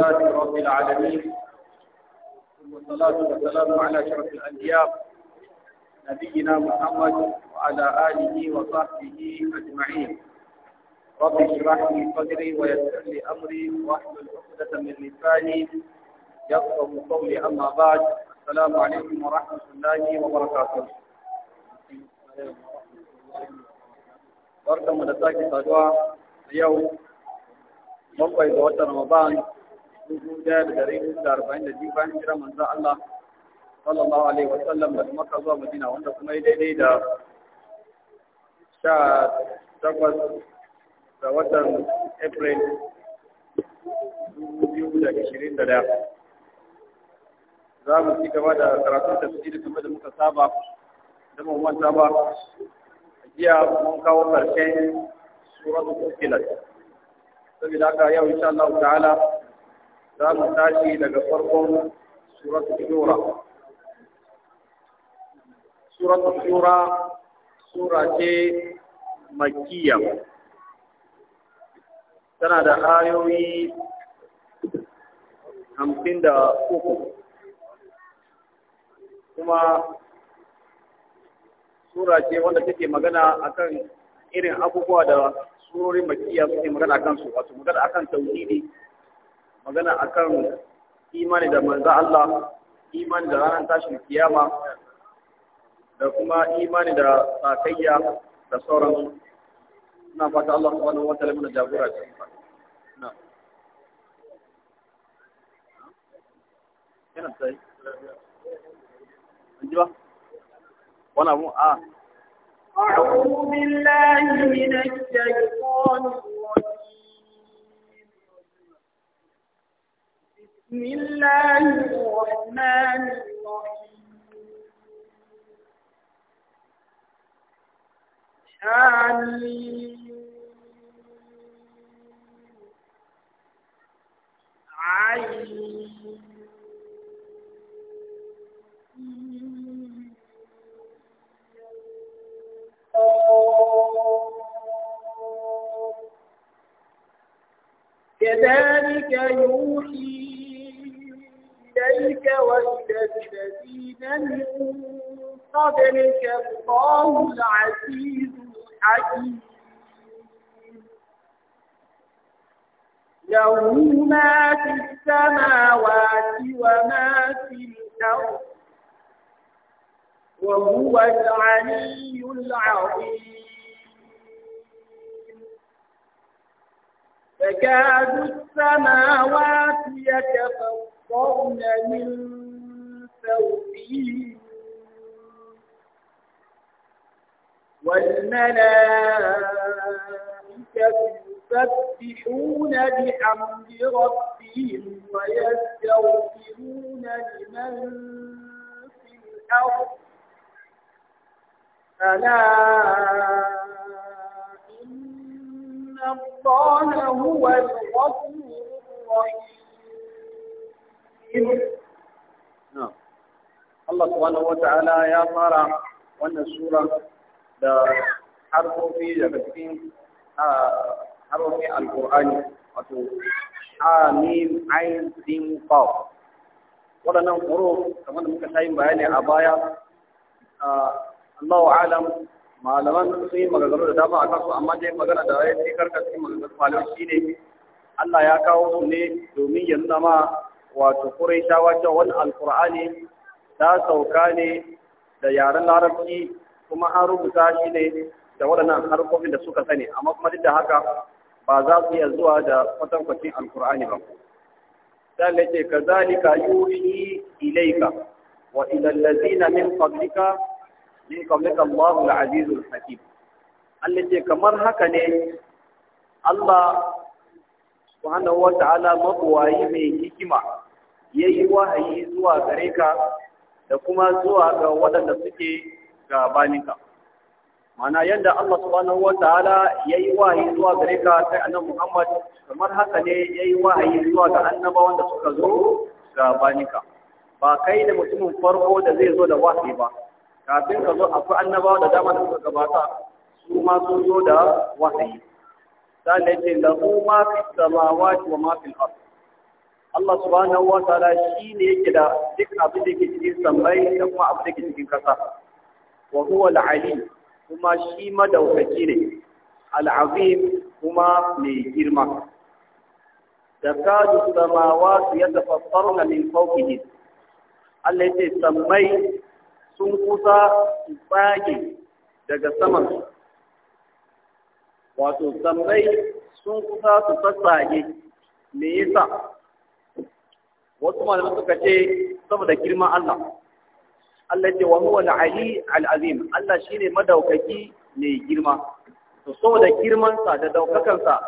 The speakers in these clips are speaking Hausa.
لله رب العالمين والصلاة والسلام على شرف الأنبياء نبينا محمد وعلى آله وصحبه أجمعين رب اشرح لي صدري ويسر لي أمري واحلل عقدة من لساني يفقه قولي أما بعد السلام عليكم ورحمة الله وبركاته بارك الله sake saduwa الله yau ga watan Ramadan dubu ɗaya da ɗari hudu da arba'in da biyu bayan jira manzon Allah sallallahu alaihi wa sallam daga Makka zuwa Madina wanda kuma yi daidai da sha takwas da watan April dubu da ashirin da ɗaya. Za mu ci gaba da karatun tafsiri kamar da muka saba da mu saba. Jiya mun kawo ƙarshen suratul Fussilat. Sabida haka yau insha Allah ta'ala za mu tashi daga farkon suratul shura suratul shura sura ce makkiya tana da ayoyi hamsin da uku kuma sura ce wanda take magana akan irin abubuwa da surorin makiya suke magana akan su wato magana akan tauhidi magana akan imani da manzo Allah imani da ranar tashin kiyama da kuma imani da sakayya da sauran ina fata Allah subhanahu wa ta'ala mana jagora ce na yana tsaye ba wani a أعوذ بالله من الشيطان بسم الله الرحمن الرحيم كذلك يوحي إليك وإلى الذين من قبلك الله العزيز الحكيم له ما في السماوات وما في الأرض وهو العلي العظيم تكاد السماوات يتفوق أمطرن من فوقهم والملائكة يسبحون بحمد ربهم ويستغفرون لمن في الأرض ألا إن الله هو الغفور الرحيم Allah subhanahu wa ta'ala ya fara wannan sura da harfofi daga cikin harfofi alkur'ani wato hamim ain sin qaf waɗannan huruf kamar da muka ta yin bayani a baya Allahu alam malaman sun yi maganganu da dama a kansu amma dai magana da ya fi karkar cikin maganganun shi ne Allah ya kawo su ne domin ya nuna ma wato Qurayshawa cewa wani alqur'ani ta sauka ne da yaren larabci kuma an rubuta shi ne da waɗannan harkokin da suka sani amma kuma duk da haka ba za su iya zuwa da kwatankwacin alkur'ani ba sai ne ce kazalika yuhi ilayka wa ila allazina min qablika min qablika Allahu al-azizul hakim Allah ce kamar haka ne Allah subhanahu wa ta'ala mabuwayi mai hikima ya yi wahayi zuwa gare ka da kuma zuwa ga waɗanda suke gabaninka mana yadda Allah subhanahu ta’ala ya yi wahayi zuwa gare ka sai annan Muhammad kamar haka ne ya yi wahayi zuwa ga annaba wanda suka zo gabaninka ba kai da mutumin farko da zai zo da wasi ba kafin ka zo akwai annabawa da dama da suka gabata su ma sun zo da wasi. sannan ce lahu ma fi samawati wa ma fi al'adu." Allah subhanahu wa ta'ala shi ne yake da duk abin da ke cikin sammai da kuma abin da ke cikin ƙasa wa huwa al-ali kuma shi madaukaki ne al-azim kuma mai girma takadu samawati yatafattarna min fawqihim Allah yace sammai sun kusa su tsage daga saman su wato sammai sun kusa su tsage me yasa wasu malamai suka ce saboda girman Allah Allah ce wa huwa al-ali al-azim Allah shine madaukaki mai girma to saboda girman sa da daukakan sa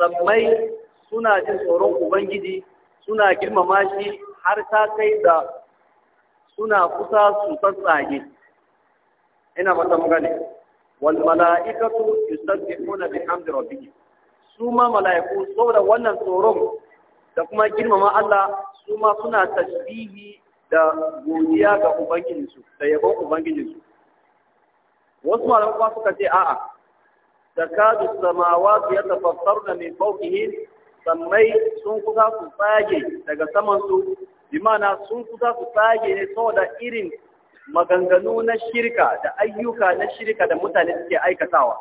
sammai suna jin tsoron ubangiji suna girmama shi har ta kai da suna kusa su tsatsage ina mun gane wal mala'ikatu yusabbihuna bihamdi rabbihim su ma mala'iku saboda wannan tsoron da kuma girmama Allah su ma suna tasbihi da godiya ga ubangijinsu da yabon ubangijinsu wasu malamu ba suka ce a'a zakatu samawati yatafassarna min fawqihim sammai sun kusa su tsage daga saman su sun kusa su tsage ne saboda irin maganganu na shirka da ayyuka na shirka da mutane suke aikatawa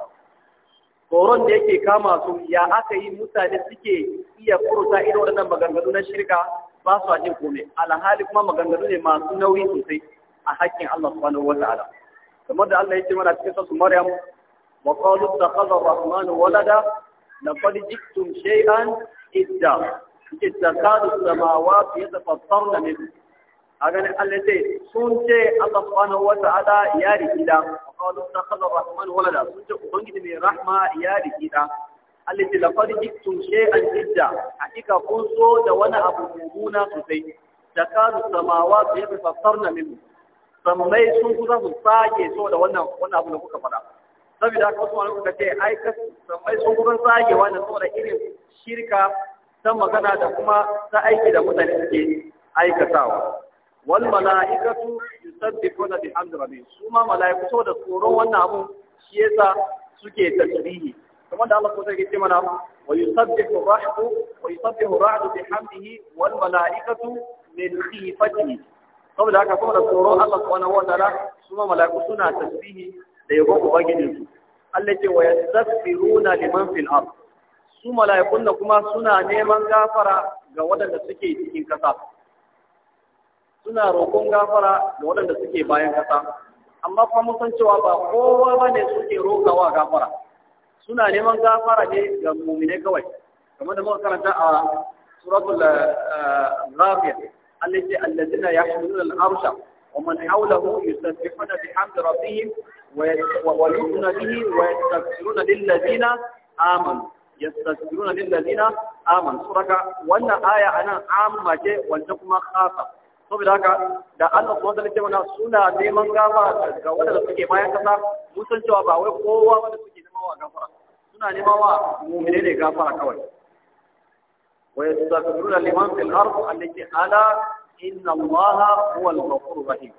Horon da yake kama su ya aka yi mutane suke iya furta irin waɗannan maganganu na shirka ba su jin kome alhali kuma maganganu ne masu nauyi sosai a hakkin Allah subhanahu wata'ala kamar da Allah ya ce mana cikin sa su Maryam wa qalu takhadha rahmanu walada laqad jiktum shay'an idda idda kadu samawati yatafattarna min a ganin Allah ce sun ce Allah subhanahu wa ta'ala ya riki da wa qalu takhalla rahman walada sun ce ubangiji mai rahma ya riki da Allah ce laqad iktum shay'an idda hakika da wani abu da sammai sun kusa su sage so da wannan wannan abu da kuka faɗa saboda haka wasu malamu ce ai ka sammai sun kusa sage wannan da irin shirka ta magana da kuma ta aiki da mutane suke aikatawa wal mala'ikatu yusabbihuna bihamdi rabbihim su ma mala'iku saboda tsoron wannan abun shi yasa suke tasbihi kamar da Allah ko sai ce mana wa yusabbihu rahbu wa yusabbihu ra'du bihamdihi wal mala'ikatu min khifatihi saboda haka saboda tsoron Allah subhanahu wa ta'ala su ma mala'iku suna tasbihi da yabon ubangijin su Allah ce wa yastaghfiruna liman fil ard su mala'ikun kuma suna neman gafara ga waɗanda suke cikin kasa suna roƙon gafara da waɗanda suke bayan ƙasa amma kuma mun san cewa ba kowa ba ne suke roƙawa gafara suna neman gafara ne ga muminai kawai kamar da muka karanta a suratul eh, rafiya Allah ce allazina yahmiluna al-arsha wa man hawlahu yusabbihuna bihamdi rabbihim wa yu'minuna bihi wa yastaghfiruna lil-ladina amanu yastaghfiruna lil-ladina amanu suraka wannan aya anan amma ce wanda kuma khasa saboda haka da Allah subhanahu wataala ke mana suna neman gafa ga wanda suke bayan kasa mun san cewa ba wai kowa wanda suke neman wa gafara suna neman wa mu'mine ne gafara kawai wa yastaghfiruna liman fil ardh allati ala inna allaha huwal ghafurur rahim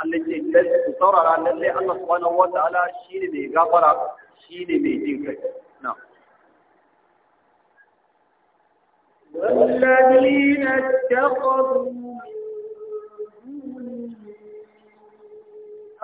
allati ku saurara lalle Allah subhanahu wa wataala shine mai gafara shine mai jin kai na والذين اتخذوا من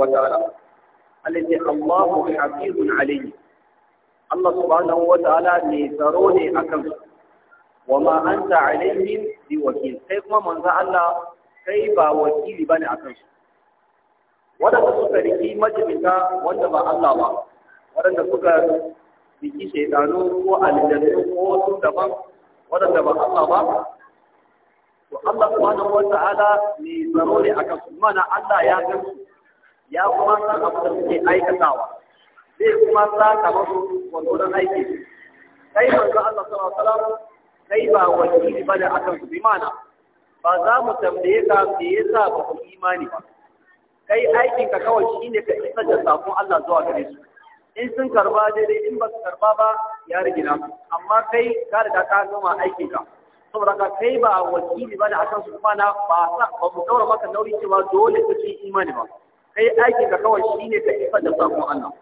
wa ta'ala Allah ce Allahu hafizun alayhi Allah subhanahu wa ta'ala ne tsaro ne akan su wa ma anta alaihim bi wakil kai kuma manzo Allah kai ba wakili bane akan su wadanda suka riki majibita wanda ba Allah ba wadanda suka riki shaydanu ko aljannu ko ba ba Allah ne tsaro ne ya kuma san abu da suke aikatawa zai kuma saka musu wannan aiki kai manzo Allah sallallahu alaihi wasallam kai ba wakili bane akan su bimana ba za mu tambaye ka me yasa ba ku imani ba kai aikin ka kawai shine ka isar da sakon Allah zuwa gare su in sun karba daidai in ba su karba ba ya rigina amma kai ka riga ka gama aikin ka saboda ka kai ba wakili bane akan su bimana ba sa ba mu daura maka nauyi cewa dole kake imani ba kai aikin ka kawai ne ka ifa da samun Allah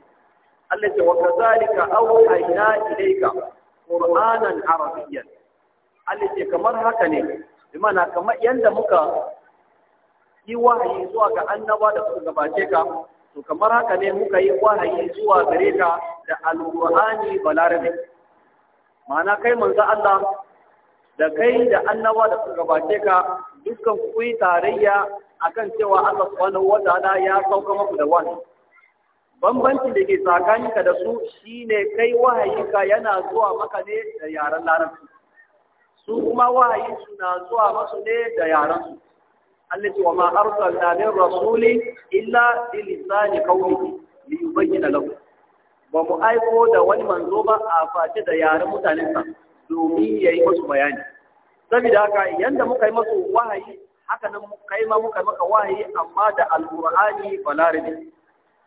Allah ce wa kazalika awhayna ilayka qur'anan Arabiyyar. Allah ce kamar haka ne Imana kamar yadda muka yi wahayi zuwa ga annaba da suka gabace ka to kamar haka ne muka yi wahayi zuwa gare ka da al-Qur'ani balarabe ma'ana kai manzo Allah da kai da annaba da suka gabace ka dukkan ku yi tarayya akan cewa Allah subhanahu ta'ala ya sauka muku da wani bambancin da ke tsakaninka da su shine kai wahayinka yana zuwa maka ne da yaren larabci su kuma wahayin su na zuwa masu ne da yarensu. su Allah ce wa ma arsalna min rasuli illa bi lisani qawlihi li yubayyana lahu ba mu aiko da wani manzo ba a face da yaren mutanensa domin yayi musu bayani saboda haka yanda muka yi masu wahayi haka nan kai ma muka maka wahayi amma da alqur'ani balarabe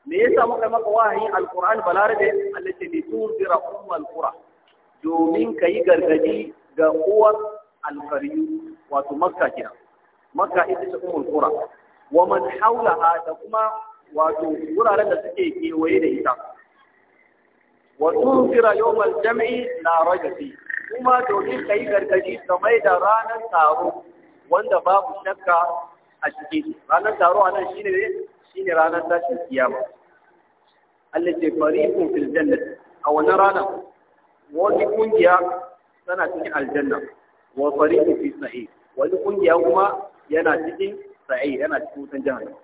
me yasa muka yi maka wahayi alqur'ani balarabe allati bi tunzira ummul qura domin ka yi gargadi ga uwar alqariyu wato makka kina makka ita ce ummul qura wa man hawlaha da kuma wato wuraren da suke kewaye da ita wa tunzira yawmal jam'i la rajab fihi kuma domin ka yi gargaji ka da ranar taro wanda babu shakka a cikin ranar taro a nan shine shine ranar tashin kiyama Allah ce fariqun fil jannati a wannan rana, wani kungiya tana cikin aljanna wa fariqun fi sa'id wani kungiya kuma yana cikin sa'id yana cikin wutan jahannam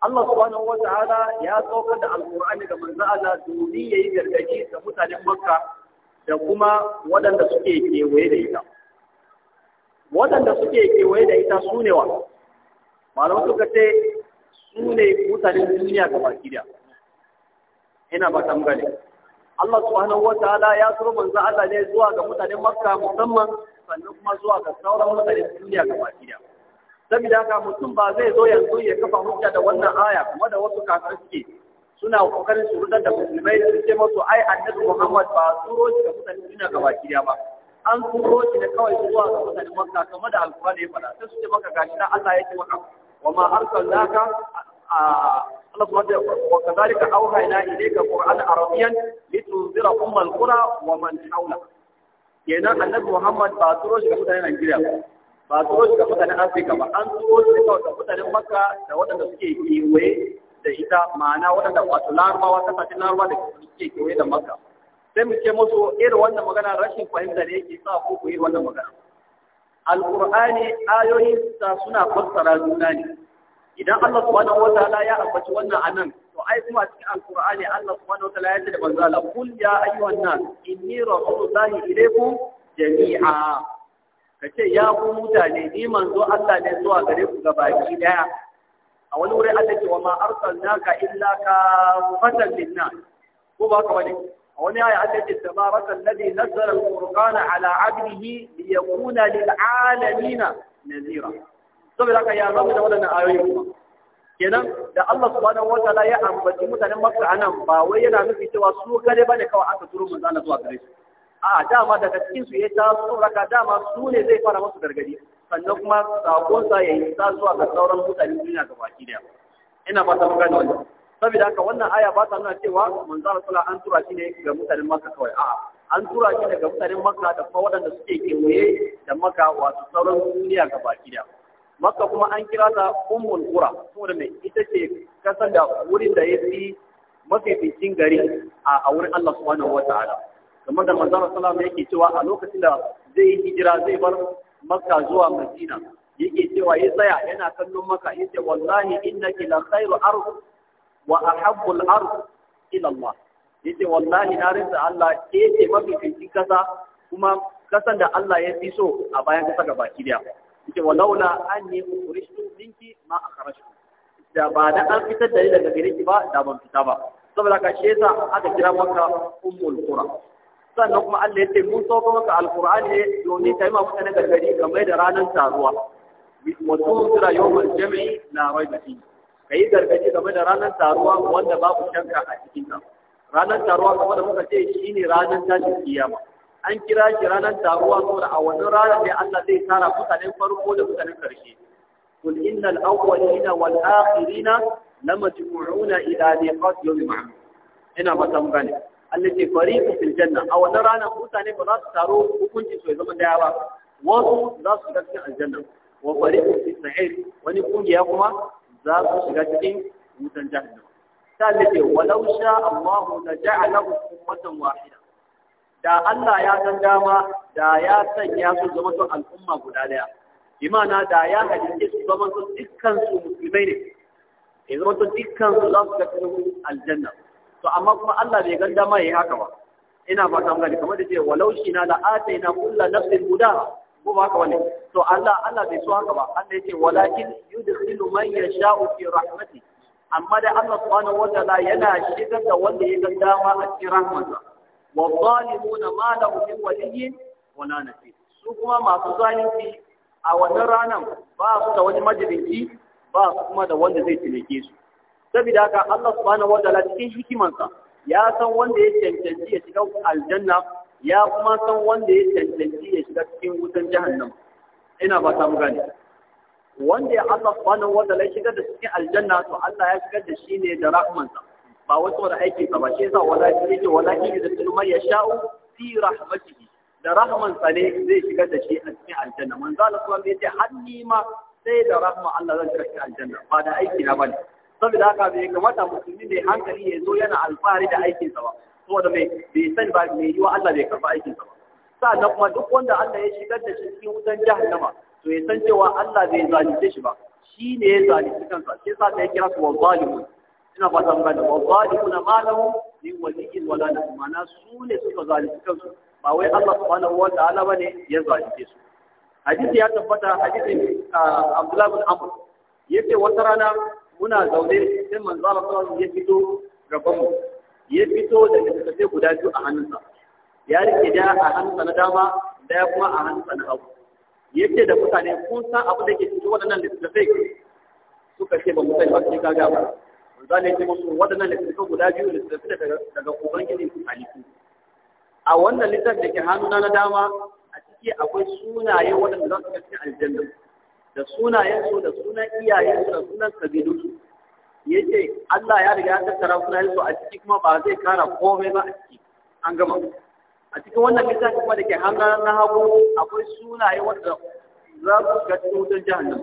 Allah subhanahu wa ta'ala ya saukar da alqur'ani ga manzo Allah domin yayi gargaji ga mutanen Makka da kuma waɗanda suke kewaye da ita waɗanda suke kewaye da ita su ne wa malam suka ce su ne mutanen duniya ga baki da ina ba tambale Allah subhanahu wataala ya turo manzo Allah ne zuwa ga mutanen Makka musamman sannan kuma zuwa ga sauran mutanen duniya ga baki da saboda haka mutum ba zai zo yanzu ya kafa hujja da wannan aya kuma da wasu kafin suke suna kokarin su rudar da musulmai su ce musu ai annabi Muhammad ba turo shi ga mutane suna gaba ɗaya ba an turo shi da kawai zuwa ga mutane Makka kamar da Alƙur'ani ya faɗa sai su ce maka gashi na Allah ya maka wa ma arsalnaka Allah kuma da wa kadhalika auhayna ilayka qur'an arabiyyan litunzira ummal qura wa man hawla kenan annabi Muhammad ba turo shi ga mutane Najeriya ba ba turo shi ga mutanen Afrika ba an turo shi kawai ga mutanen Makka da waɗanda suke kewaye da ita ma'ana waɗanda wato larabawa fashin larabawa da ke kewaye da maka. sai mu ce musu irin wannan magana rashin fahimta da yake sa ku ku yi wannan magana alqur'ani ayoyin ta suna fassara juna ne idan Allah subhanahu wataala ya ambaci wannan anan to ai kuma a cikin alqur'ani Allah subhanahu wataala ya ce da manzo Allah kul ya ayyuhan nas inni rasulullahi ilaykum jami'a kace ya ku mutane ni manzo Allah ne zuwa gare ku gabaki daya a wani wuri Allah ce wa ma naka illa ka fatan linnas ko ba ka wani a wani aya Allah ce tabaraka alladhi nazzala al-furqana ala 'abdihi liyakuna lil 'alamin nazira saboda haka ya zama da wannan ayoyi kuma kenan da Allah subhanahu wataala ya ambaci mutanen Makka anan ba wai yana nufi cewa su kare bane kawai aka turo manzo zuwa gare su a dama daga cikin su ya taso raka dama su ne zai fara musu gargadi sannan kuma sakonsa ya yi tasowa zuwa ga sauran mutane duniya ga baki daya ina ba ta magana wani. saboda haka wannan aya ba ta nuna cewa manzo Allah an tura shi ne ga mutanen Makka kawai a'a an tura shi ne ga mutanen Makka da kuma waɗanda suke kewaye da Makka wato sauran duniya ga baki daya Makka kuma an kira ta Ummul Qura saboda me ita ce kasar da wurin da ya fi mafificin gari a wurin Allah subhanahu wataala kamar da manzo Allah yake cewa a lokacin da zai hijira zai bar makka zuwa madina yake cewa ya tsaya yana kallon maka yace wallahi innaki la khairu ard wa ahabbu al ard ila Allah yace wallahi na rinsa Allah ke ce mafi cikin kasa kuma kasan da Allah ya fi so a bayan kasa gaba ki da yace walaula anni ukhrijtu minki ma akhrajtu da ba da an fitar da ni daga gare ki ba da ban fita ba saboda ka shi aka kira maka ummul qura sannan kuma Allah ya ce mun sauko maka alqur'ani ne domin kai ma mutane gargadi game da ranar taruwa mutum sura yawmal jam'i la raiba Ka yi gargadi game da ranar taruwa wanda babu shanka a cikin ta ranar taruwa kamar da muka ce shine ranar tashin kiyama an kira shi ranar taruwa saboda a wannan ranar ne Allah zai tara mutanen farko da mutanen karshe قل إن الأولين والآخرين لمجموعون إلى ميقات يوم معلوم ina fatan gane Allah ce fariqu fil janna a wannan ranar mutane ba za su taro hukunci su zama daya ba wasu za su shiga cikin aljanna wa fariqu fil sa'ir wani kungiya kuma za su shiga cikin wutan jahannama ta Allah ce walau sha Allah la ja'alahu ummatan wahida da Allah ya san dama da ya sanya su zama to al'umma guda daya imana da ya halice su zama to dukkan su musulmai ne ya zama to dukkan su za su ga cikin aljanna to amma kuma Allah bai ganda ma yayi haka ba ina fata mun gani kamar da ce walau shi na la ataina kullu nafsin huda ko ba haka wani to Allah Allah bai so haka ba Allah yace walakin yudkhilu man yasha'u fi rahmati amma da Allah subhanahu wa ta'ala yana shigar da wanda ya ganda ma a cikin rahmatsa wa zalimuna ma lahu min waliyyin wala nasir su kuma masu zalunci a wannan ranar ba su da wani majibinci ba su kuma da wanda zai tilake su saboda haka Allah subhanahu wataala cikin hikimansa ya san wanda ya cancanci ya shiga aljanna ya kuma san wanda ya cancanci ya shiga cikin wutan jahannam ina ba ta mu gane wanda ya Allah subhanahu wataala ya shigar da cikin aljanna to Allah ya shigar da shi ne da rahmansa ba wasu wani aiki ba ba shi yasa wala yake wala shi da tunu mai sha'u fi rahmatihi da rahmansa ne zai shigar da shi a cikin aljanna manzo Allah subhanahu wataala ya ce har ma sai da rahma Allah zan shiga cikin aljanna ba da aiki na ne. saboda haka bai kamata musulmi mai hankali ya zo yana alfahari da aikinsa ba saboda mai bai san ba mai yiwa Allah bai karɓi aikinsa ba sa'annan kuma duk wanda Allah ya shigar da shi cikin wutan jahannama to ya san cewa Allah bai zalunce shi ba shi ne ya zalunci kansa shi yasa sai ya kira su wazzalimun ina fata mun gane wazzalimuna ma malamu min waliyyin wala na ma'ana su ne suka zalunci kansu ba wai Allah subhanahu wa ta'ala bane ya zalunce su hadisi ya tabbata hadisi ah, Abdullah bin Amr yace wata rana muna zaune sai manzo Allah sallallahu ya fito gaban mu ya fito da littattafai guda biyu a hannunsa ya rike da a hannunsa na dama da kuma a hannunsa na hagu ce da mutane kun san abu da ke cikin waɗannan littattafai suka ce ba mu sani ba sai ka ga ba manzo ne ce musu waɗannan littattafai guda biyu littattafai daga daga ubangiji halittu a wannan littafin da ke hannuna na dama a ciki akwai sunaye waɗanda za su kasance aljanna da sunayensu da sunan iyayensu da sunan kabilunsu ya ce Allah ya riga ya tattara sunayensu a ciki kuma ba zai kara komai ba a ciki an gama a cikin wannan littafi kuma da ke hangar na hagu akwai sunaye wanda za su ga tutun jihannan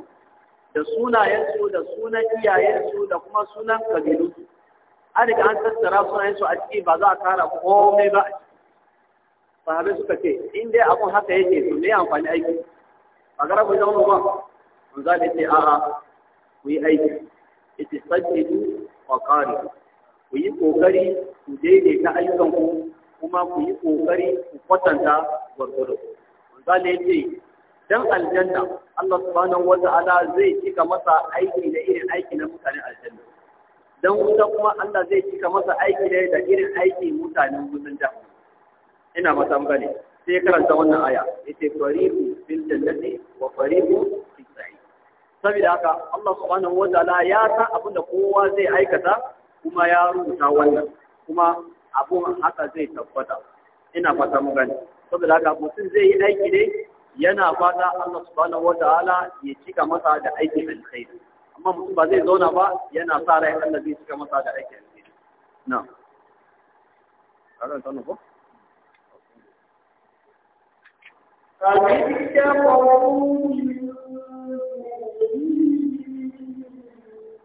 da sunayensu da sunan iyayensu da kuma sunan kabilunsu an riga an tattara sunayensu a ciki ba za a kara komai ba a ciki sahabai suka ce in dai abun haka yake to ne amfani aiki ba gara ku zama ba za da ce a'a ku yi aiki ita sajjidu wa qari ku yi kokari ku daidaita ayyukan ku kuma ku yi kokari ku kwatanta gwargwado za da ce dan aljanna Allah subhanahu wa ta'ala zai cika masa aiki da irin aiki na mutanen aljanna dan wuta kuma Allah zai cika masa aiki da irin aiki mutanen wutan jahannam ina mata gane sai karanta wannan aya yace fariqu fil jannati wa fariqu saboda haka Allah subhanahu wa ta'ala ya san abin da kowa zai aikata kuma ya rubuta wannan kuma abun haka zai tabbata ina fata mu gani saboda haka mutum zai yi aiki ne yana fata Allah subhanahu wa ta'ala ya cika masa da aikin alkhair amma mutum ba zai zauna ba yana sa rai Allah zai cika masa da aikin alkhairi na'am فبئس قول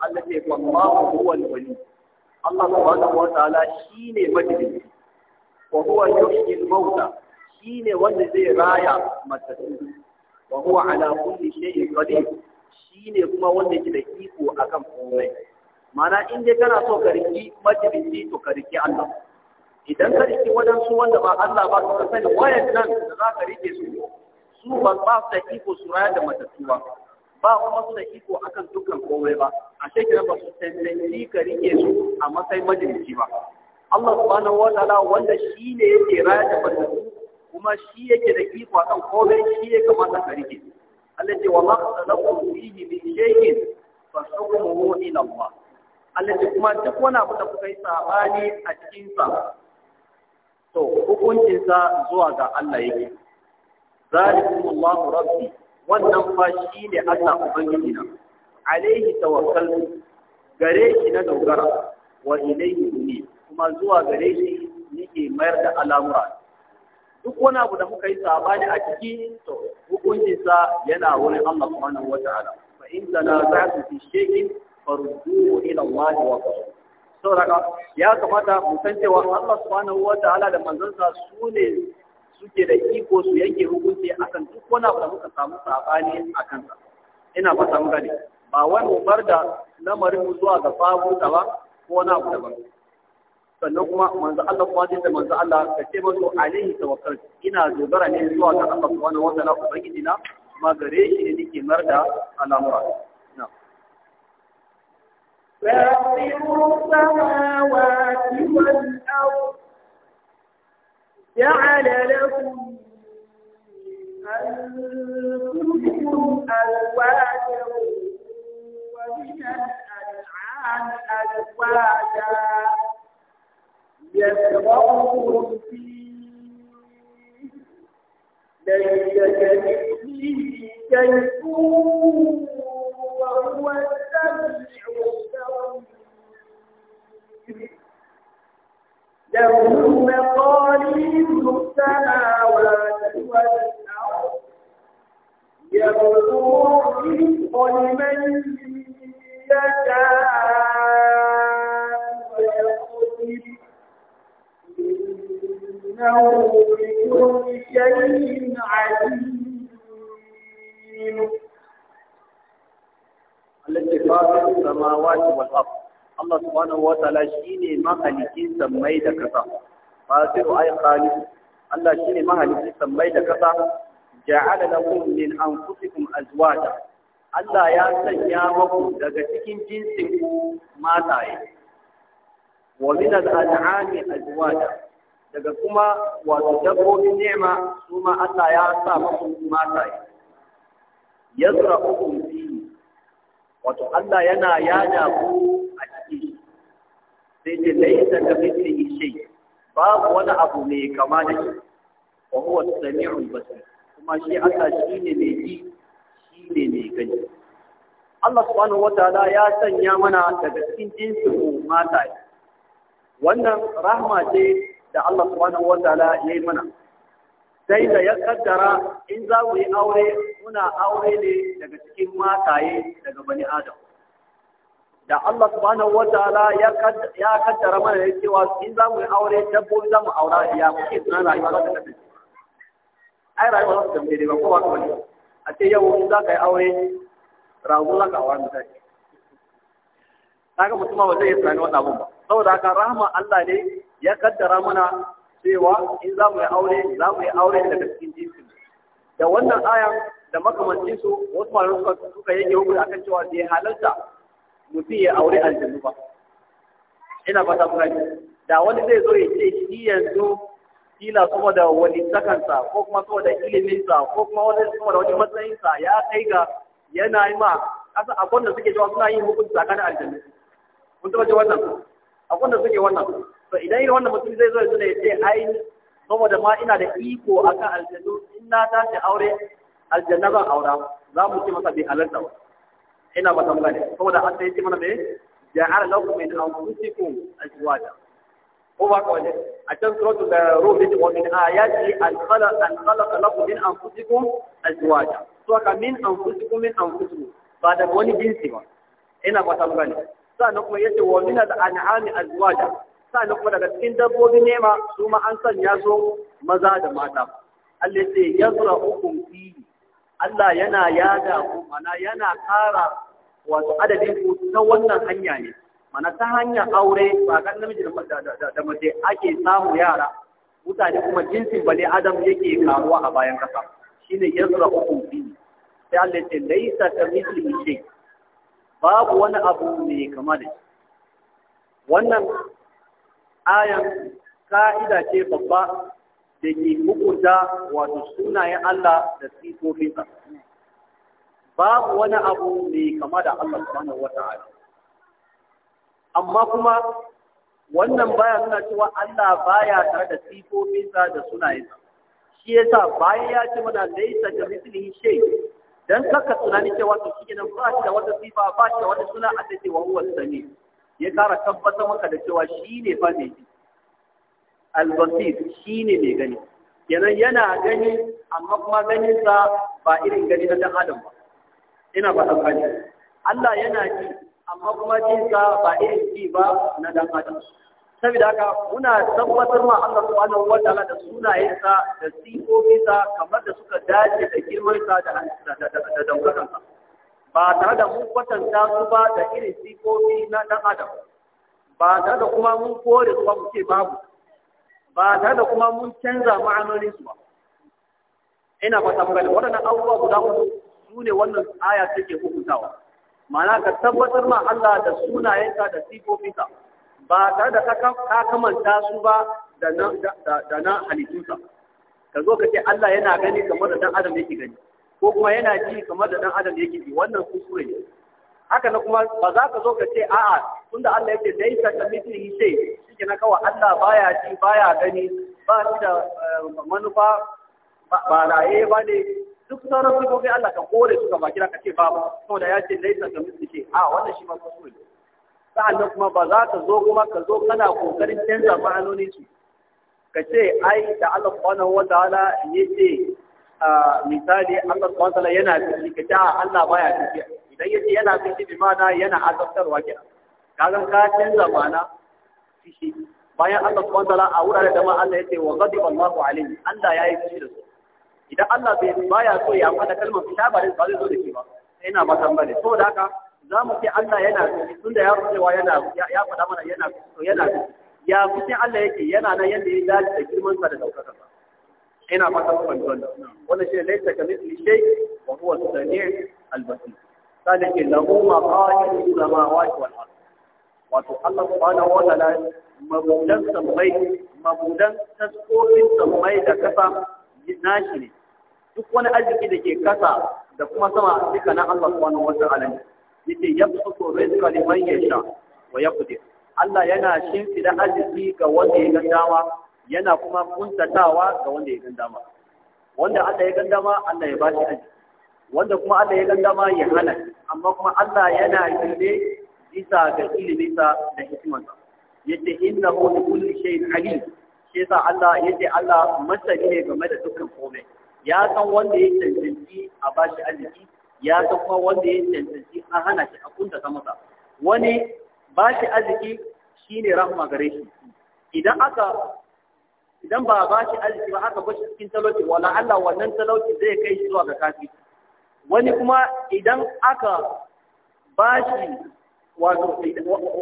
Allah ce wallahu huwal wali Allah subhanahu wa ta'ala shine majidi wa huwa yuhyi al-mauta shine wanda zai raya matattu wa huwa ala kulli shay'in qadir shine kuma wanda yake da iko akan komai mana in dai kana so ka riki majidi to ka riki Allah idan ka riki wadansu wanda ba Allah ba ka sani wayannan da za ka rike su su ba su da iko su raya da matattu ba ba kuma su da iko akan dukkan komai ba a shekarar ba su tantance ka rike su a matsayin majalisi ba Allah subhanahu wataala wanda shi ne yake raya da batu kuma shi yake da iko akan komai shi ya kamata ka rike Allah ce wa ma khalaqa fihi min shay'in fa hukmuhu ila Allah Allah ce kuma duk wani abu da kuka yi sabani a cikin sa to hukuncinsa zuwa ga Allah yake allahu rabbi wannan fa shi ne Allah Ubangiji na alaihi tawakkal gare shi na dogara wa ilaihi ne kuma zuwa gare shi nake mayar da al'amura duk wani abu da muka yi sabani a ciki to hukuncinsa yana wurin Allah subhanahu wata'ala fa in tanaza'tu fi shay'in farudduhu ila Allah wa rasul saboda ya kamata mu san cewa Allah subhanahu wata'ala da manzon su ne suke da iko su yanke hukunci akan duk wani abu da muka samu sabani a kansa ina fata muka ne ba wani umar da lamarin mu zuwa ga babu da ba ko wani abu ba sannan kuma manzo Allah kuma da manzo Allah ka ce manzo alaihi tawakkal ina dogara ne zuwa ga Allah subhanahu wa ta'ala ubangiji na kuma gare shi ne nake da al'amura فاطر السماوات والأرض جعل لكم أنفسكم أزواجا ومن الأنعام أزواجا يسرقكم فيه ليس كمثله شيء وهو السميع البصير له مقاليد السماوات والأرض يبدو الرزق لمن يشاء ويقدر إنه بكل شيء عليم الاتفاق السماوات والأرض Allah subhanahu wa ta'ala shine mahalikin sammai da kasa fasiru ay khaliq Allah shine mahalikin sammai da kasa ja'ala lakum min anfusikum azwaja Allah ya sanya muku daga cikin jinsin ku mataye wa min al'ami azwaja daga kuma wato dabbobin ni'ima su ma Allah ya sa muku mataye yazra'ukum fi wato Allah yana yada ku sai ce laisa ka mithlihi shay babu wani abu mai kama da shi wa huwa as basir kuma shi Allah shine mai ji shine mai gani Allah subhanahu wataala ya sanya mana daga cikin jinsin mata wannan rahma ce da Allah subhanahu wataala ya yi mana sai da ya kaddara in za mu yi aure muna aure ne daga cikin mataye daga bani adam da Allah subhanahu wataala ya ya kaddara mana ya cewa in za mu yi aure dabbobi za mu aura ya muke tunan rayuwa za ta kasance ai rayuwa za ta tambaye ba kowa kawai ne a ce yau in za ka yi aure rago za ka aure misali kaga mutum ba zai yi tunani wannan abun ba saboda haka rahama Allah ne ya kaddara mana cewa in za mu yi aure za mu yi aure daga cikin jinsi da wannan aya da makamancinsu wasu malamai suka yanke hukunci akan cewa zai halarta mutum ya aure aljanu ba ina fata kuna ji da wani zai zo ya ce shi yanzu kila saboda wani sakansa ko kuma saboda iliminsa ko kuma wani saboda wani matsayinsa ya kai ga yana yi ma kasa akwai da suke cewa suna yin hukunci tsakanin aljanu. kun taɓa ji wannan akwai da suke wannan to idan irin wannan mutum zai zo ya zo ya ce ai saboda ma ina da iko akan aljannu in na tashi aure aljanna zan aura za mu ce masa bai halarta ba ina ba tambaya ne saboda Allah ya ce mana me ja'ala an min anfusikum azwaja ko ba ka wani a can suratu da ruhu ne wa min ayati an khalaq an khalaqa lakum min anfusikum azwaja to ka min anfusikum min anfusikum ba da wani jinsi ba ina ba tambaya ne sannan kuma yace wa min al-an'ami azwaja sannan kuma daga cikin dabbobin nema su ma an sanya su maza da mata Allah ya ce yazra'ukum fihi Allah yana yada ku mana yana ƙara wato adadin ku ta wannan hanya ne mana ta hanyar aure ba kan namiji da mace ake samu yara mutane kuma jinsin bale adam yake karuwa a bayan kasa shine yasra uku fi sai Allah ce laisa ka misli shay babu wani abu ne kama da shi wannan ayan ka'ida ce babba da ke hukunta wato sunayen Allah da sifofinsa. Babu wani abu ne kama da Allah subhanahu wata'ala. Amma kuma wannan baya suna cewa Allah baya tare da sifofinsa da sunayensa. Shi yasa bayan ya ce mana laisa ka mislihi shay dan kaka tunani cewa to shi nan ba shi da wata sifa ba shi da wata suna a take wa huwa sami. Ya kara tabbatar maka da cewa shi ne fa mai Albasir shi ne mai gani kenan yana gani amma kuma ganinsa ba irin gani na dan adam ba ina ba gani Allah yana ji amma kuma jinsa ba irin ji ba na dan adam saboda haka muna tabbatar ma Allah subhanahu wataala da sunayensa da sifofinsa kamar da suka dace da girmansa da da daukakansa ba tare da mun kwatanta su ba da irin sifofi na dan adam ba tare da kuma mun kore su ba mu ce babu ba tare da kuma mun canza ma'anonin su ba ina ba mun da waɗannan abubuwa guda uku su ne wannan aya take hukuntawa ma'ana ka tabbatar ma Allah da sunayenka da sifofinka ba tare da ka kamanta su ba da na da na halittunka ka zo ka ce Allah yana gani kamar da dan adam yake gani ko kuma yana ji kamar da dan adam yake ji wannan kuskure ne haka na kuma ba za ka zo ka ce a'a tunda Allah yake da isa ta mithlihi ce, shike na kawai Allah baya ji baya gani ba shi da eh, manufa ba raye ba ne duk sauran gobe Allah ka kore su gaba kira ka ce babu saboda ya ce laisa ka mithli ce, a wannan shi ma kuskure sa'annan kuma ba za ka zo kuma ka zo kana kokarin canza ma'anoni su ka ce ai da Allah subhanahu wa ta'ala yace ah, misali Allah subhanahu wa ta'ala yana ciki ka ce Allah baya ciki sai yace yana fushi bi ma'ana yana azabtarwa kenan kazan ka canza ma'ana fushi bayan Allah subhanahu wataala a wurare da ma Allah yace wa ghadiba Allahu alaihi Allah yayi fushi da su idan Allah bai baya so ya fada kalmar fita ba zai zo da shi ba ina matan bane saboda haka za mu ce Allah yana fushi tunda ya cewa yana ya faɗa mana yana fushi yana ya fushi Allah yake yana nan yadda ya dace da girman sa da daukakar sa ina fatan ku fahimci wannan wannan shi ne laisa kamithli shay wa huwa as-sami' al-basir sai ke lahu maqalis samawati wal ard wato Allah subhanahu wa ta'ala mabudan sammai mabudan tasofin sammai da kasa nashi ne duk wani arziki da ke kasa da kuma sama duka na Allah subhanahu wa ta'ala ne yace yabsutu rizqa liman yasha wa yaqdir Allah yana shimfida arziki ga wanda ya ga dama yana kuma kuntatawa ga wanda ya ga dama wanda Allah ya ga dama Allah ya bashi arziki wanda kuma Allah ya gangama ya hana amma kuma Allah yana girbe bisa ga iliminsa da hikimarsa yace innahu bi kulli shay'in alim shi yasa Allah yace Allah masani ne game da dukkan komai ya san wanda ya cancanci a bashi arziki ya san kuma wanda ya cancanci a hana shi a kunta ta masa wani bashi arziki shine rahma gare shi idan aka idan ba bashi arziki ba aka bashi cikin talauci wala Allah wannan talauci zai kai shi zuwa ga kafirci wani kuma idan aka bashi wato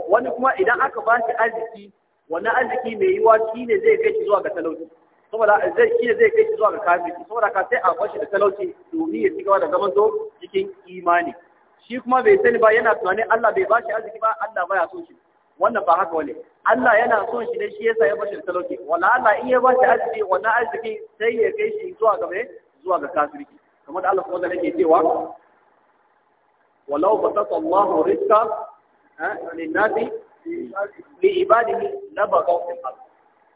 wani kuma idan aka bashi arziki wannan arziki mai yiwa shi ne zai kai shi zuwa ga talauci saboda zai shi ne zai kai shi zuwa ga kafiri saboda ka sai a bashi da talauci domin ya cigaba da zaman to cikin imani shi kuma bai sani ba yana tunanin Allah bai bashi arziki ba Allah baya so shi wannan ba haka wani Allah yana son shi ne shi yasa ya bashi talauci wala Allah in ya bashi arziki wannan arziki sai ya kai shi zuwa ga zuwa ga kafiri kamar da Allah kuma da nake cewa walau batata Allah rizqa eh, linnati li ibadihi na ba ga wasu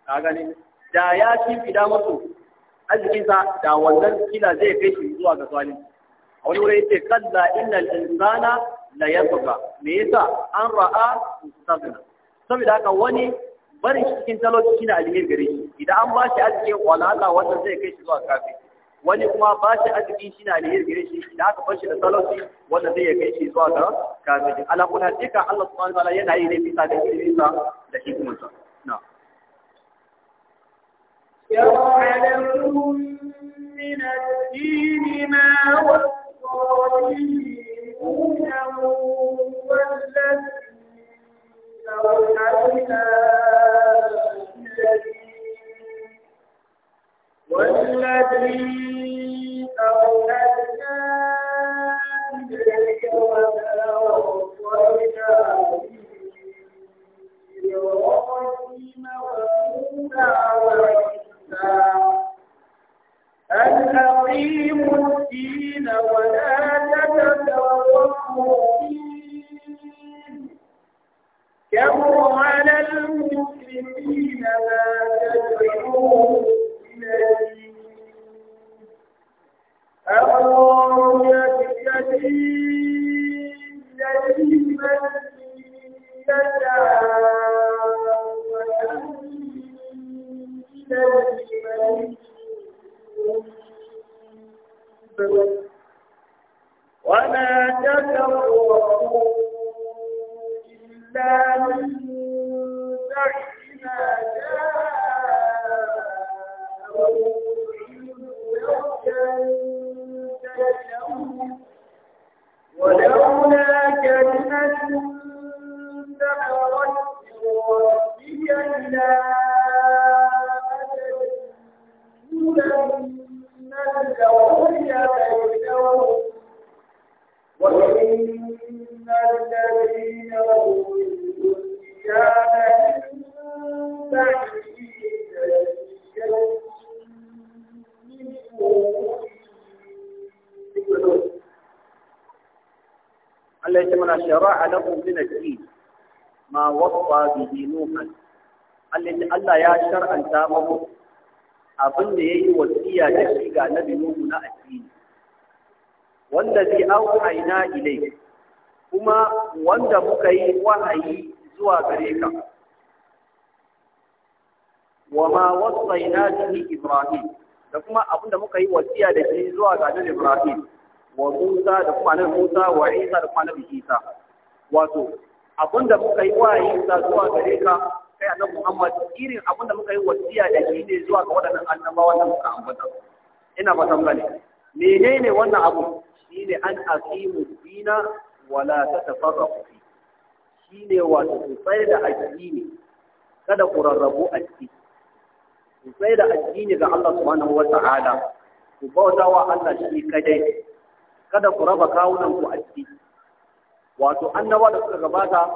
kaga gani da ya ci fida masu arzikin sa da wannan kila zai kai shi zuwa ga zalimi a wani wurin yace kalla innal insana la yabqa me yasa an ra'a mustaghna saboda haka wani barin cikin talauci shine alheri gare shi idan an ba shi arziki wala Allah wannan zai kai shi zuwa kafin wani kuma ba shi arziki shi na alheri gare shi da aka bar da talauci wanda zai kai shi zuwa ga kafiri ala kuna dika Allah subhanahu wa ta'ala yana yi ne bisa da iliminsa da hikimarsa na'am يرى لهم من الدين ما وصى به نوحا والذي أوحينا والذي أولدنا شرع لكم من الدين ما وصى به نوحا Allah ya shar'anta muku abin da yayi wasiya da shi ga Nabi Nuhu na addini wanda bi auhayna ilai kuma wanda muka yi zuwa da kuma abin da muka yi wasiya da shi zuwa ga Ibrahim wa Musa da kuma nan Musa wa Isa da kuma nan Isa wato abinda muka yi wayi sa zuwa gare ka kai annabi Muhammad irin abinda muka yi wasiya da shi ne zuwa ga waɗannan annabawan da muka ambata ina san bane menene wannan abu shine an aqimu dina wala tatafarraqu fi shine wato ku tsaya da addini kada ku rarrabu addini ku tsaya da addini ga Allah subhanahu wata'ala ku bauta wa Allah shi kadai kada ku raba kawunan ku addini wato annaba da suka gabata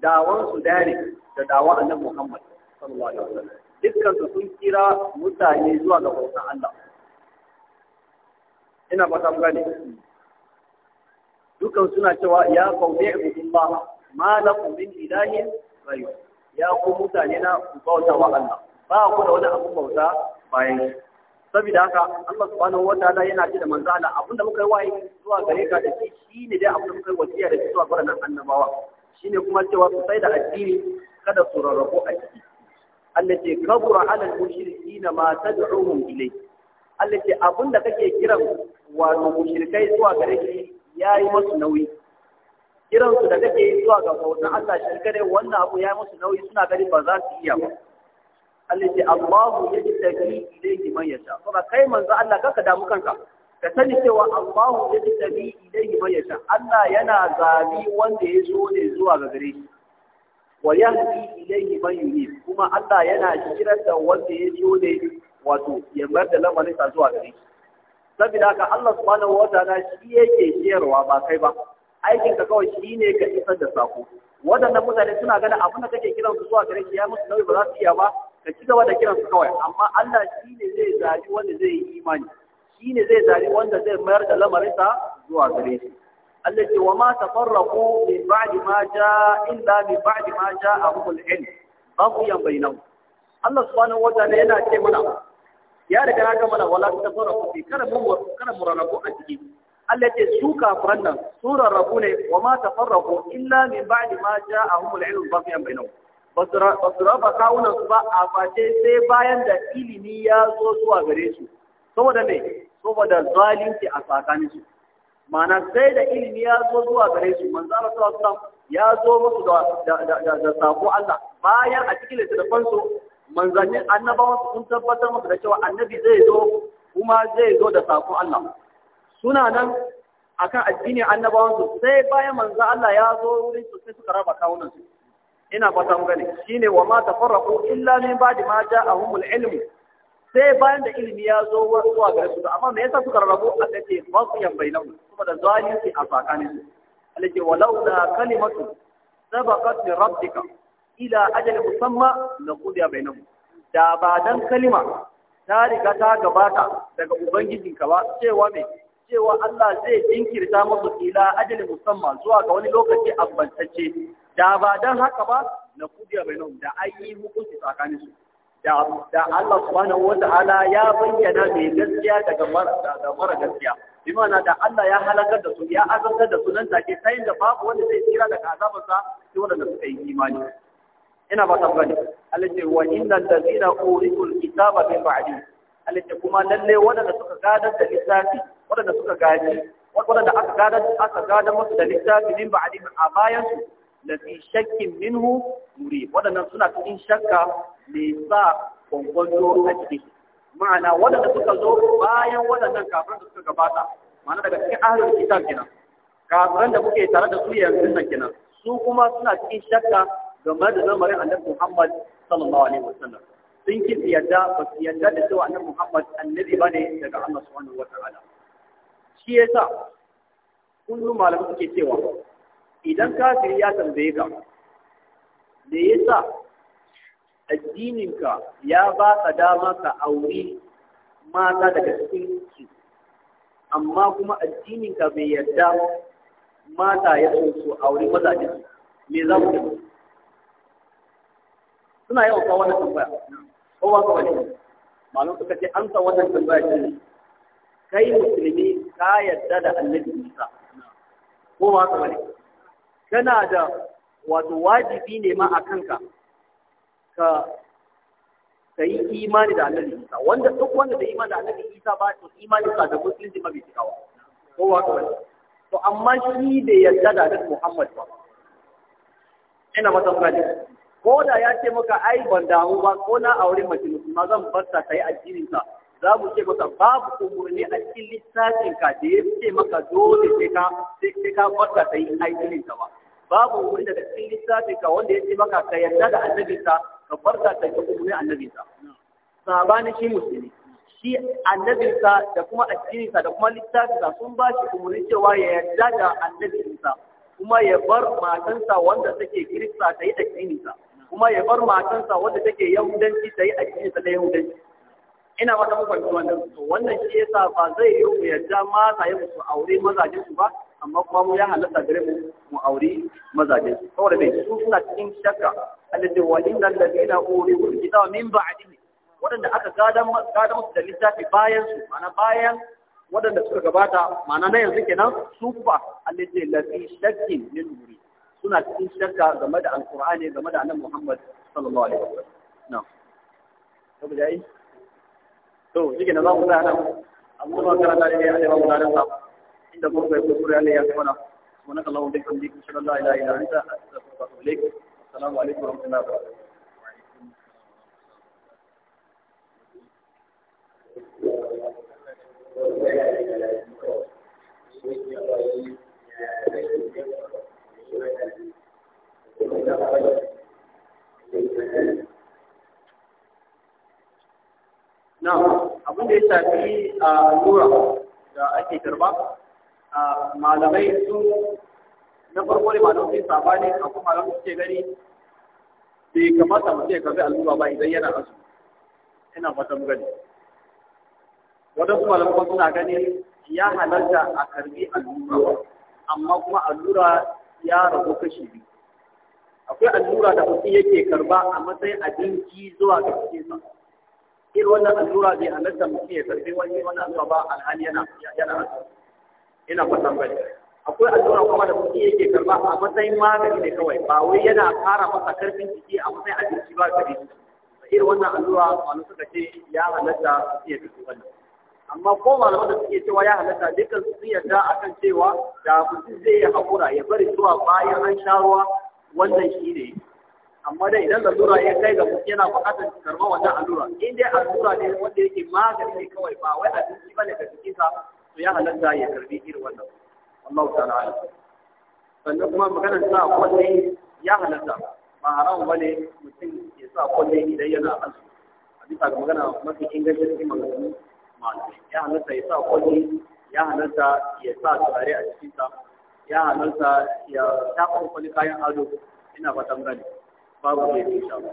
dawon su dare da dawon annabi Muhammad sallallahu alaihi wasallam dukkan su sun kira mutane zuwa ga bautan Allah ina ba ta gane dukkan suna cewa ya qawmi ibudullah ma lakum min ilahin ghayr ya ku mutane na ku bauta wa Allah ba ku da wani abun bauta bayan shi saboda haka Allah subhanahu wataala yana ce da manzo Allah abinda muka yi wai zuwa gare ka da shi shine dai abinda muka yi wasiya da shi zuwa nan annabawa shine kuma cewa su sai da addini kada su rarrabu a ciki Allah ce kabura alal mushrikina ma tad'uhum ilay Allah ce abinda kake kiran wato mushrikai zuwa gare ki yayi musu nauyi kiransu da kake zuwa ga bautan Allah shi kare wannan abu yayi musu nauyi suna gari ba za su iya ba Allah ce Allahu yajtabi ilayhi man yasha kuma kai manzo Allah kanka damu kanka ka sani cewa Allahu yajtabi ilayhi man yasha Allah yana zabi wanda ya zo ne zuwa ga gare shi wa yahdi ilayhi man yunib kuma Allah yana kiran da wanda ya zo ne wato ya bar da lamarin sa zuwa gare shi saboda haka Allah subhanahu wataala shi yake shiyarwa ba kai ba aikin ka kawai shi ne ka isar da sako waɗannan mutane suna ganin abin da kake kiran su zuwa gare shi ya musu nauyi ba za su iya ba ka ci gaba da kiran su kawai amma Allah shi ne zai zabi wanda zai yi imani shi ne zai zabi wanda zai mayar da lamarinsa zuwa gare shi Allah ce wa ma tafarraqu min ba'di ma jaa illa min ba'di ma ja'a al-ilm baghyan bainahum Allah subhanahu wa ta'ala yana ce mana ya riga na ga mana wala tafarraqu fi kana mun kana murarrabu a cikin Allah ce su kafiran nan su rarrabu ne wa ma tafarraqu illa min ba'di ma ja'a al-ilm baghyan bainahum ba su raba kawunansu ba a face sai bayan da ilimi ya zo zuwa gare su saboda mai saboda zalunci a tsakaninsu. su ma'ana sai da ilimi ya zo zuwa gare su manzo Allah sallallahu ya zo musu da da da sako Allah bayan a cikin littafin su manzannin annabawan sun tabbatar musu da cewa annabi zai zo kuma zai zo da sako Allah suna nan akan addini annabawan su sai bayan manzo Allah ya zo wurin su sai suka raba kawunan su ina fata mu gane shine wa ma tafarraqu illa min ba'di ma ja'ahumul ilm sai bayan da ilimi ya zo zuwa gare su amma me yasa suka rabu a kace fasiyan bainahu kuma da zalunci a tsakanin su alake walau la kalimatu sabaqat li rabbika ila ajali musamma la qudiya bainahu da ba dan kalima ta riga ta gabata daga ubangijinka ba cewa me cewa Allah zai jinkirta musu ila ajali musamma zuwa ga wani lokaci abbantacce da ba dan haka ba na kudiya bainahum da an yi hukunci tsakanin su da da Allah subhanahu wata'ala ya bayyana mai gaskiya daga mara gaskiya Imana da Allah ya halakar da su ya azabtar da su nan take ta da babu wanda zai tsira daga azabarsa sai wanda suka yi imani ina ba ta gani Allah ce wa innal ladina uritul kitaba min ba'di Allah ce kuma lalle wanda suka gadar da lissafi wanda suka gaji wanda aka gadar aka gadar musu da littafi min ba'di a bayan su la shakkin minhu muri waɗannan suna cikin shakka mai sa kwankwanto a ciki ma'ana waɗanda suka zo bayan waɗannan kafin da suka gabata ma'ana daga cikin ahlul kitab kenan Kafin da kuke tare da su yanzu nan kenan su kuma suna cikin shakka game da lamarin annabi Muhammad sallallahu alaihi wasallam sun ki yadda ba su yadda da cewa annabi Muhammad annabi ne? daga Allah subhanahu wataala shi yasa kullum malamai suke cewa idan kafiri ya tambaye ka me yasa addininka ya ba ka dama ka aure mata daga cikin su amma kuma addininka bai yarda mata ya so su aure mazaje me za mu yi suna yawan kawo wannan tambaya ko ba ka wani malum suka ce an san wannan tambaya shi kai musulmi ka yarda da annabi Isa ko ba ka wani tana da wato wajibi ne ma a kanka ka ka yi imani da annabi isa wanda duk wanda da imani da annabi isa ba to imani sa da musulunci ba bai cikawa ko wa to amma shi bai yarda da annabi muhammad ba ina mata gani ko da ya ce maka ai ban damu ba ko na aure mace musulma zan bar ta yi addinin sa za mu ce maka babu umurni a cikin lissafin ka da ya ce maka dole sai ka sai ka bar ta yi addinin ba babu wani daga cikin littafi ka wanda ya ce maka ka yarda da annabinsa ka farka ka ji umarnin annabinsa sabani shi musulmi shi annabinsa da kuma sa da kuma sa sun ba shi umarni cewa ya yarda da annabinsa kuma ya bar matansa wanda take kirista ta yi addininsa kuma ya bar matansa wanda take yahudanci ta yi sa da yahudanci ina mata muku fahimci wannan wannan shi yasa ba zai yi mu yarda mata yi su aure mazajen su ba amma kuma mu yan halatta gare mu mu auri mazaje saboda mai su suna cikin shakka alladhi wa innal uri, uridu kita min ba'dihi wadanda aka gadan gadan su da littafi bayan su mana bayan wadanda suka gabata mana na yanzu kenan su ba alladhi lafi shakkin min uri suna cikin shakka game da alqur'ani game da annabi Muhammad sallallahu alaihi wasallam na'am to yi to shi kenan nan za mu tsaya nan amma ba karanta ne a da ba mu inda kuma kai kuskure Allah ya kuma سبحانك اللهم وبحمدك اشهد ان لا اله الا انت abin da ya shafi a lura da ake karba malamai su na farko ne malamai sun saba ne a kuma malamai suke gani bai kamata mu ce karbi al'umma ba idan yana asu ina fata mu gani wadda kuma malamai suna gani ya halarta a karbi allura amma kuma allura ya rabu kashi biyu akwai allura da mutum yake karba a matsayin abinci zuwa ga cikinsa irin wannan allura bai halarta mutum ya karbi wani wannan allura ba alhali yana yana asu ina fatan bane akwai addu'a kuma da mutum yake karba a matsayin magani ne kawai ba wai yana fara masa karfin jiki a matsayin abinci ba gare shi irin wannan allura wani suka ce ya halatta su iya fito wannan amma ko malaman da suke cewa ya halatta dukkan su sun yarda akan cewa da mutum zai yi hakura ya bari zuwa bayan an sha ruwa wannan shi ne amma dai idan allura ya kai ga mutum yana buƙatar karɓar wannan allura in dai allura ne wanda yake magani ne kawai ba wai abinci ba ne ga jikinsa to ya halatta ya karbi irin wannan Allah ta'ala sannan kuma maganar sa kwalle ya halatta ba haram bane mutum ya sa kwalle idan yana azumi a bisa ga magana mafi ingancin cikin maganganu malamai ya halatta ya sa kwalle ya halatta ya sa turare a cikinsa ya halatta ya shafa kwalle kayan ado ina fatan gani babu ne insha Allah